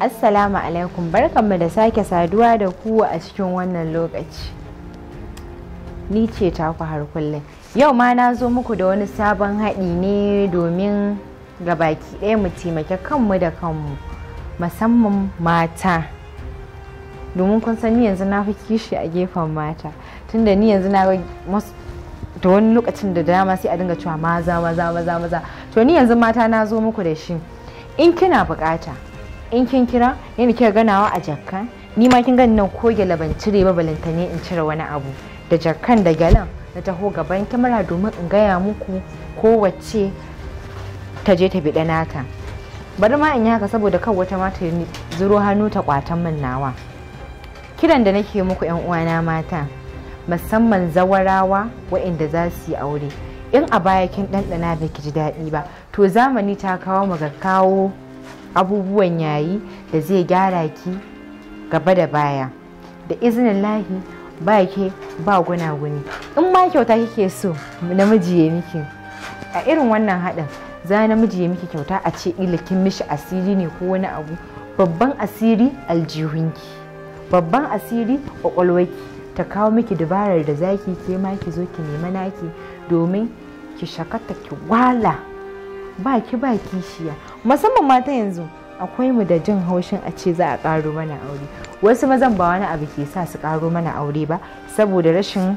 Assalamu alaikum barkanmu da sake saduwa da ku a cikin wannan lokaci. Ni ce ta ku har kullum. Yau ma na zo muku da wani sabon haɗi ne domin ga baki ɗaya mu taimake kanmu da kanmu musamman mata. Domin kun san ni yanzu na fi kishi a gefen mata. Tunda ni yanzu na da wani lokacin da dama sai a dinga cewa maza maza maza maza. To ni yanzu mata na zo muku da shi. In kina bukata. in kin kira ya kika ganawa a jakan ni ma kin gani nan ko gyala ban cire ba balantane in cire wani abu da jakan da gyalan na taho gaban kyamara domin in gaya muku kowace ta je ta biɗa nata bari ma in yi haka saboda kan wata mata zuro hannu ta kwatan min nawa kiran da nake muku yan uwana mata musamman zawarawa waɗanda za su yi aure in a baya kin ɗanɗana ba ki ji daɗi ba to zamani ta kawo mu ga kawo abubuwan yayi da zai gyara ki gaba da baya da izinin lahi ba ke ba gunaguni in ma kyauta kike so namiji ya miki a irin wannan haɗin za na miji ya miki kyauta a ce ilikin mishi asiri ne ko wani abu babban asiri aljihunki babban asiri ƙwaƙwalwaki ta kawo miki dabarar da zaki ke ma ki zo ki nema naki domin ki shakata ki wala Ba ki ba kishiya musamman mata yanzu akwai mu da jin haushin a ce za a ƙaro mana aure wasu mazan ba wani abu ke sa su karo mana aure ba saboda rashin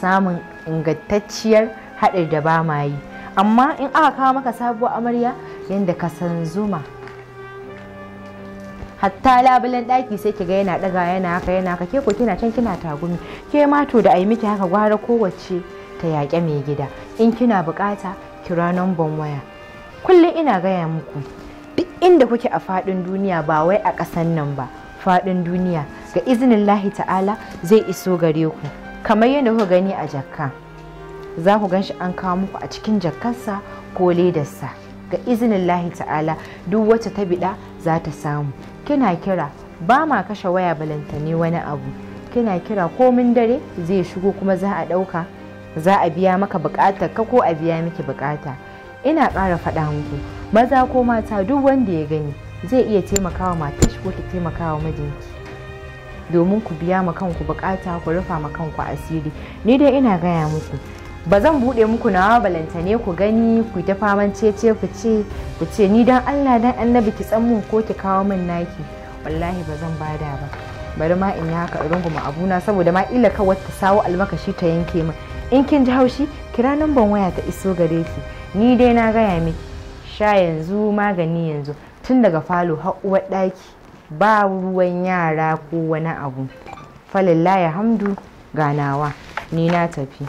samun ingantacciyar haɗar da ba ma yi amma in aka kawo maka sabuwar amarya yadda ka san zuma hatta labulen ɗaki sai ki ga yana ɗaga yana haka yana haka ke ko kina can kina tagumi ke ma to da ai miki haka gwara kowace ta yaƙe mai gida in kina buƙata kira ban waya kullum ina gaya muku duk inda kuke a faɗin duniya ba wai a ƙasan nan ba faɗin duniya ga izinin lahi ta'ala zai iso gare ku kamar yadda kuka gani a jakka za ku gan an kawo muku a cikin jakkarsa ko ledarsa ga izinin lahi ta'ala duk wacce ta biɗa za ta samu kina kira ba ma kashe waya balantane wani abu kina kira ko mun dare zai shigo kuma za a ɗauka za a biya maka bukatar ka ko a biya miki bukata ina ƙara faɗa muku maza ko mata duk wanda ya gani zai iya taimakawa matar shi ko ta taimakawa mijinki domin ku biya ma kanku bukata ku rufa ma kanku asiri ni dai ina gaya muku ba zan buɗe muku nawa balantane ku gani ku ta faman cece ku ce ku ce ni dan Allah dan annabi ki san mun ko ki kawo min naki wallahi ba zan bada ba bari ma in yi haka in abu abuna saboda ma ila kawai ta sawo almakashi ta yanke min in kin ji haushi kira namban waya ta iso gare ki ni dai na gaya miki sha yanzu magani yanzu tun daga falo har uwar ɗaki ba ruwan yara ko wani abu falillah ya hamdu ganawa ni na tafi